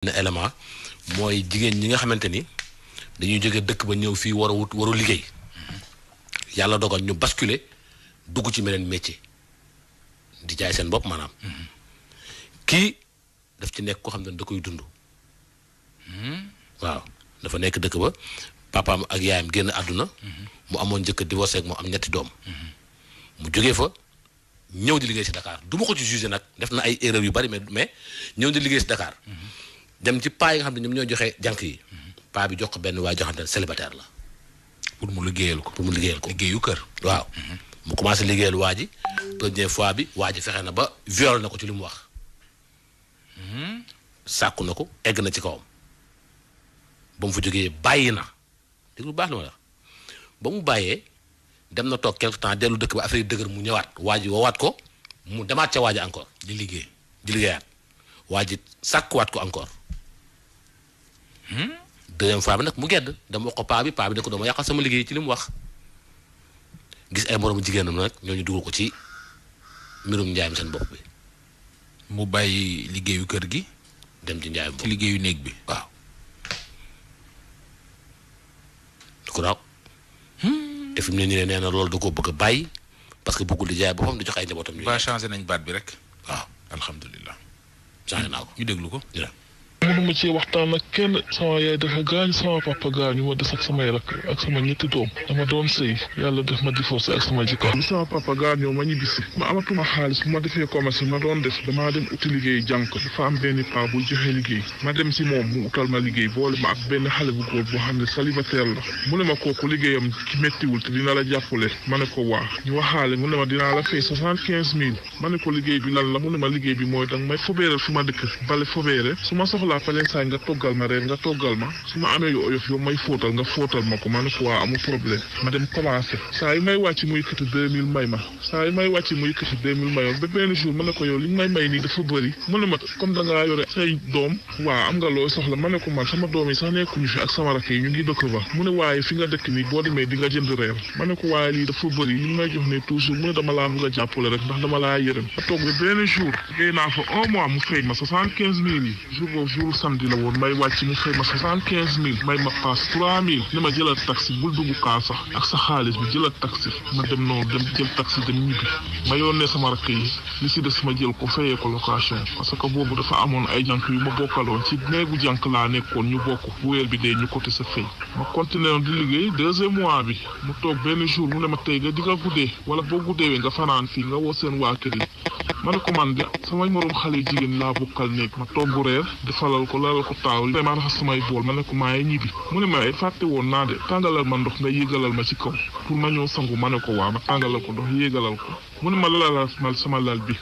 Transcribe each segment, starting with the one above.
benn mooy jigéen ñi nga xamante ni dañuy jóge dëkk ba ñëw fii war a waru liggéey yàlla dogal ñu basculer dugg ci beneen métier di jaay seen bopp maanaam kii daf ci nekk koo xam ne dëkk koy dund waaw dafa nekk dëkk ba papaam ak yaayam génn àdduna mu amoon njëkk divorcé ak moom am ñetti doom mu jóge fa ñëw di liggéey si Dakar du ma ko ci jugé nag def na ay erreur yu bari mais mais ñëw di liggéey si Dakar dem ci pa yi nga xamne ñom ñoo joxe jank yi pa bi jox ko ben waa joxante célibataire la. pour mu liggéeyal ko pour mu liggéeyal ko liggéeyu kër. waaw mhm. mu commencé liggéeyal waa ji première fois bi waa fexé na ba viol na ko ci limu wax. Mhm. sàkku na ko egg na ci kawam bu mu fa joggé bayina na lu baax lu wax ba mu bayé dem na tok quelque temps dellu dëkk ba affaire dëgër mu ñëwaat waa ji woowaat ko mu demaat ca waa encore. di liggéey di liggéeyaat waa sakku sàkkuwaat ko encore. deuxième fois bi nag mu gedd dama wax ko paa bi paa bi ne ko dama yàqal sama liggéey ci li mu wax gis ay moromu jigéenam nag ñooñu dugal ko ci mbirum njaayam seen bopp bi. mu bàyyi liggéeyu kër gi. dem ci njaayam bopp ci liggéeyu néeg bi waaw. du ko daaw. Hmm. te fi ne nii nee na lool du ko bëgg bàyyi parce que bëggul di jaay boppam di jox ay njabootam. ñu ba nañ baat bi rek. waaw déglu ko. mënuma cee waxtaan ak kenn sama yaay dafa gaañ sama papa gaañu ma des ak samay rakk ak sama ñetti doom dama doon sëy yàlla def ma divorcé ak sama jikko sama papa gaañoo ma ñibbisi ma amatuma xaalis bu ma defee commerce ma doon def damaa dem uti liggéey jànk dafa am benn paa bu joxe liggéey ma dem si moom mu utal ma liggéey boole ma ak benn xale bu góor boo xam ne célibataire la mu ne ma kooku liggéeyam ki méttiwul te dina la jàppale ma ne ko waa ñu waxaale mu ne ma dinaa la fay soixante quinze mille ma ne ko liggéey bi lan la mu ne ma liggéey bi mooy danga may fobeeral fi ma dëkk bale fobeere su ma soxlaa appelé saa nga toggal ma reer nga toggal ma su ma amee yu oyof may fóotal nga fóotal ma ko ma ne ko waa amul problème ma may may ma saa yi may wàcc mu yëkkati 2000 mayoon ba benn jour ma ne ko yow li nga may may nii dafa mu ne ma comme da ngaa yore say doom waa am nga ma ne ko man sama doom yi sax nekkuñu fi ak sama rakk yi ñu ngi mu ne waaye fi nga dëkk nii boo demee di nga jënd ma ne ko waaye lii dafa bëri li may jox ne toujours mu ne dama laa bëgg a jàppale rek ndax dama laa yërëm ma toog ba benn jour géy naa fa un mu fay ma 75 000 yi jour samedi la woon may wàcc ñu fay ma soixante quinze may ma paas trois mille ni ma jëlal taxi bul dugg kaa sax ak sa xaalis bi jëlal taxi ma dem noonu dem jël taxi dem ñibbi ma yónnee sama rakk yi li si des ma jël ko fayee ko location parce que boobu dafa amoon ay jànk yu ma bokkaloon ci néegu jànk laa nekkoon ñu bokk bu weer bi dee ñu côté sa fay ma continué di liggéey deuxième mois bi mu toog benn jour mu ne ma tey nga di nga guddee wala boo guddeewee nga fanaan fii nga ma ne ko man de samay morom xale jigéen laa bokkal néeg ma togg reer defalal ko lalal ko taaw te ma raxas samay bool ma ne ko maaye ñibbi mu ne ma ay eh, fàtte woon naa de tàngalal ma ndox nga yéegalal ma ci kaw pour ma ñëw sangu ma ne ko waa ma tàngalal ko ndox yéegalal ko mu ne ma lalal mal sama lal bi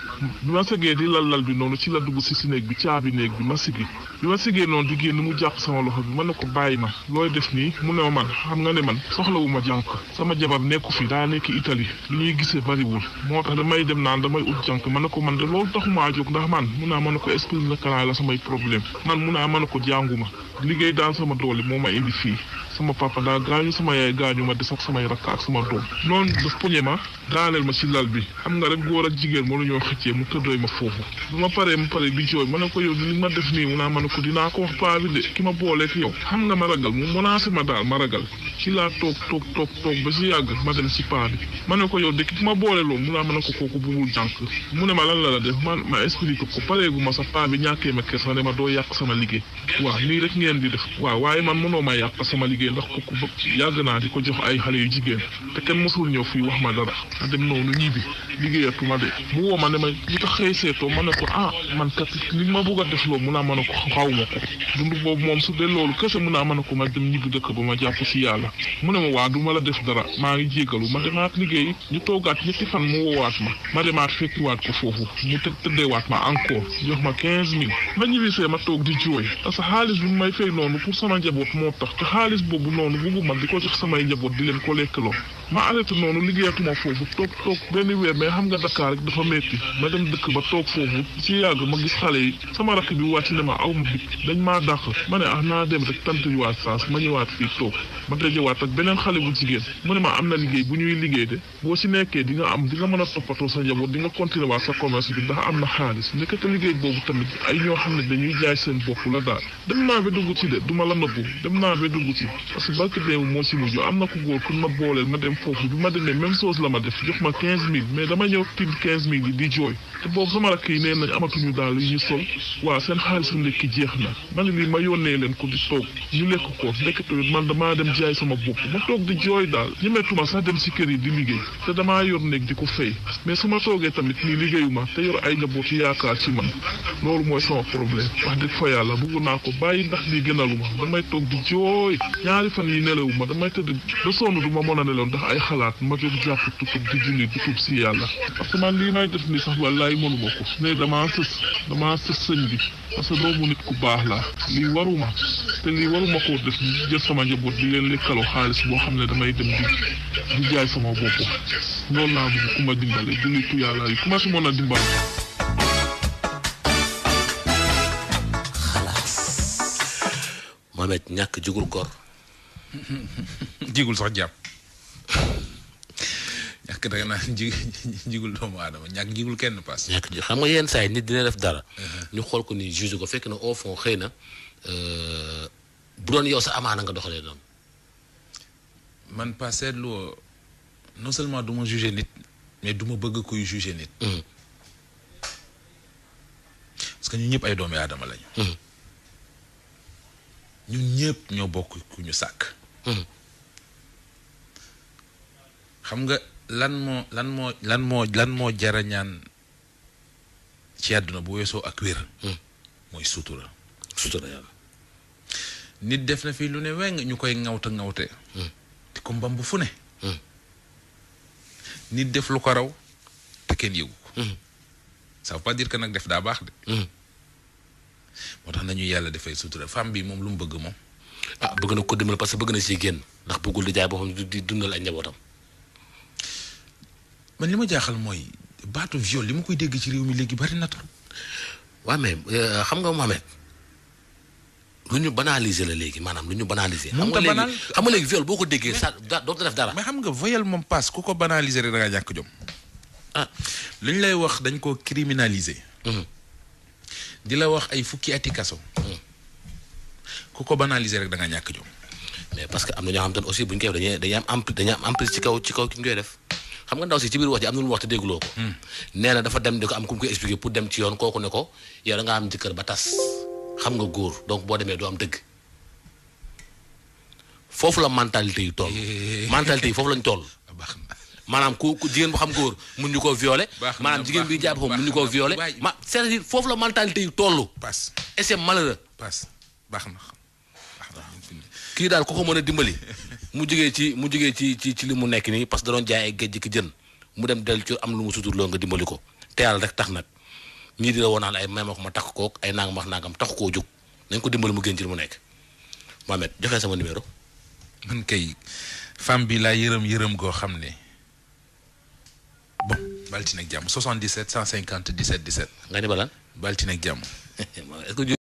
bi ma sëggee di lal lal bi noonu ci la dugg si si néeg bi caabi néeg bi ma sigi bi ma sigee noonu di génn mu jàpp sama loxo bi ma ne ko bàyyi ma looy def nii mu ne ma man xam nga ne man soxlawu ma jànk sama jabar nekku fi daa nekk Italie lu ñuy gisee bariwul moo tax damay dem naan damay ut jànk ma ne ko man de loolu taxumaa jóg ndax man mun naa ma ne ko expliqué la kanaa la samay problème man mun naa ma ne ko jànguma liggéey daan sama doole moo ma indi fii sama papa daa gaañu sama yaay gaañu ma des ak samay rakk ak sama doom noonu daf poñe ma daaneel ma ci lal bi xam nga rek góor ak jigéen moo ma foofu ma paree ma ma ne ko ma def nii ma ne ko dinaa ko wax paa bi de ki ma booleek ma ma daal ma ragal ci laa toog toog toog ba ci yàgg ma dem ci ma ko yow de ma boole loolu mu naa ma ne ko kooku bugul jànk mu ne ma la la def ma ma expliqué ko pareegu ma sa paa bi ñàkkee ma kersa ne ma doo yàq sama liggéey waaw nii rek ngeen di def waaw waaye man mënoo ma yàq sama liggéey jigéen wax ko ku bëgg yàgg naa di ko jox ay xale yu jigéen te kenn mosul ñëw fii wax ma dara a dem noonu ñibbi liggéeyatuma de mu woo ma ne ma ma ne ko ah man kat li ma bëgg a def loolu mun a ko xaw ma ko dund boobu moom su dee loolu a ma dem ñibbi dëkk ba ma jàpp si yàlla mu ne ma waa ma la def dara maa ñu toogaat ñetti fan ma ma ko foofu ma encore jox ma ma ñibbisee ma toog di jooy parce xaalis bi may fay noonu pour sama njaboot moo tax te xaalis boobu bu boobu noonu ma di ko jox samay njaboot di leen ko lekkaloo ma arrêté noonu liggéeyatuma foofu toog toog benn weer mais xam nga Dakar rek dafa metti ma dem dëkk ba toog foofu ci yàgg ma gis xale yi sama rakk bi wàcc ne ma aw ma dañ maa dàq ma ne ah naa dem rek tant yu waat saas ma ñëwaat fii toog ma dajewaat ak beneen xale bu jigéen mu ne ma am na liggéey bu ñuy liggéey de boo si nekkee di nga am di nga mën a toppatoo sa njaboot di nga continuer waat sa commerce bi ndax am na xaalis nekkate liggéey boobu tamit ay ñoo xam ne dañuy jaay seen bokk la daal dem naa ba dugg ci de duma la nëbbu dem naa ba dugg ci parce barke deewu moo si mujj am na ko ma booleel ma dem foofu bi ma demee même chose la ma def jox ma 15000 mais dama ñëw tiim 15000 yi di jooy. te boobu sama rakk yi nee nañ amatuñu daal yi ñu sol waaw seen xaalis bu ndekki jeex na ma ne lii ma yónnee leen ko di toog ñu lekk ko ndekete man damaa dem jaay sama bopp ma toog di jooy daal ñemetuma sax dem si kër yi di liggéey te damaa yor néeg di ko fay mais su ma toogee tamit nii liggéeyuma te yor ay njaboot yaakaar ci man loolu mooy sama problème wax dëgg fa yàlla bëgg naa ko bàyyi ndax lii gënaluma damay toog di jooy ñaari fan yi nelawuma damay tëdd da sonn du ma mën a nelaw ndax ay xalaat ma jóg jàpp tutub di julli di tub si yàlla parce que man lii may def ni sax wallaay wallaay mënuma ko ne damaa sës damaa sës bi parce que doomu nit ku baax la lii waruma te lii waruma koo def jël sama njaboot di leen lekkaloo xaalis boo xam ne damay dem di di jaay sama bopp loolu laa bëgg ku ma dimbale jullitu yàlla yi ku ma si mën a dimbale Mohamed ñàkk jigul gor jàpp ñàkk da nga naan ji jigul doomu aadama ñàkk jigul kenn paas. ñàkk ji xam nga yenn saa yi nit dina def dara. Uh-huh. ñu xool ko ni juge ko fekk na au fond xëy na euh, bu doon yow sa amaana nga doxalee noonu. man pas seetlu non seulement du ma juger nit mais du ma bëgg kuy juger nit. Mm. parce que ñun ñëpp ay doomi aadama lañu. Mm. ñun ñëpp ñoo bokk ku ñu sàkk. Mm. xam nga lan mo lan mo lan mo lan mo jara ñaan ci aduna bu weso ak wér hmm. moy sutura sutura yàlla nit def na fi lu ne weng ñukoy koy ngawta ngawte di ko bu fu ne hmm. nit def lu ko raw te ken yëgu ko hmm. ça veut pas dire que nak def da bax de nañu yalla defay sutura fam bi mom lu mu bëgg ah bëgg na ko dimbal parce que bëgg na ci ndax bëggul di jaay xam du dundal ak njabootam man li ma jaaxal mooy baatu viol li ma koy dégg ci réew mi léegi bari na trop. waaw mais euh, xam nga Mohamed lu ñu banaliser la léegi maanaam lu ñu banaliser. xam nga léegi xam nga boo ko déggee sa dootu def dara. mais xam nga voyal moom paas ku ko banaliser rek da ngaa ñàkk jom. Ah. ñu lay wax dañ ko criminaliser. Mhm. di la wax ay fukki ati kaso. Mhm. ku ko banaliser rek da nga ñàkk jom. mais parce que am na ñoo xam te aussi bu koy dañuy am am emprise ci kaw ci kaw ki ñu koy def. xam nga ndaw si ci biir wax ji am na lu mu wax te dégguloo ko. Hmm. nee na dafa dem di ko am ku mu koy expliqué pour dem ci yoon kooku ne ko yow da ngaa am jëkkër ba tas xam nga góor donc boo demee doo am dëgg foofu la mentalité yi toll. mentalité yi foofu lañ maanaam ku ku jigéen bu xam góor mun ñu ko violé. baax maanaam jigéen bi jàpp ko mun ñu koo violé. ma c'est-à-dire foofu la mentalité yu toll. pass et c'est malheureux. pass baax na. kii daal ku ko mën a dimbali mu jigee ci mu jigee ci ci ci li mu nekk nii parce que da doon jaay ay géej ki jën mu dem del ci am lu mu suturloo nga dimbali ko te yàlla rek tax nag ñii di la wonaan ay may ma ko ma takk kook ay nangam wax nangam tax koo jóg nañ ko dimbali mu génn ci li mu nekk Mohamed joxe sama numéro. man kay femme bi laa yërëm yërëm goo xam ne bon Baltine ak jàmm 77 150 17 17. nga ni balaan Baltine ak jàmm. est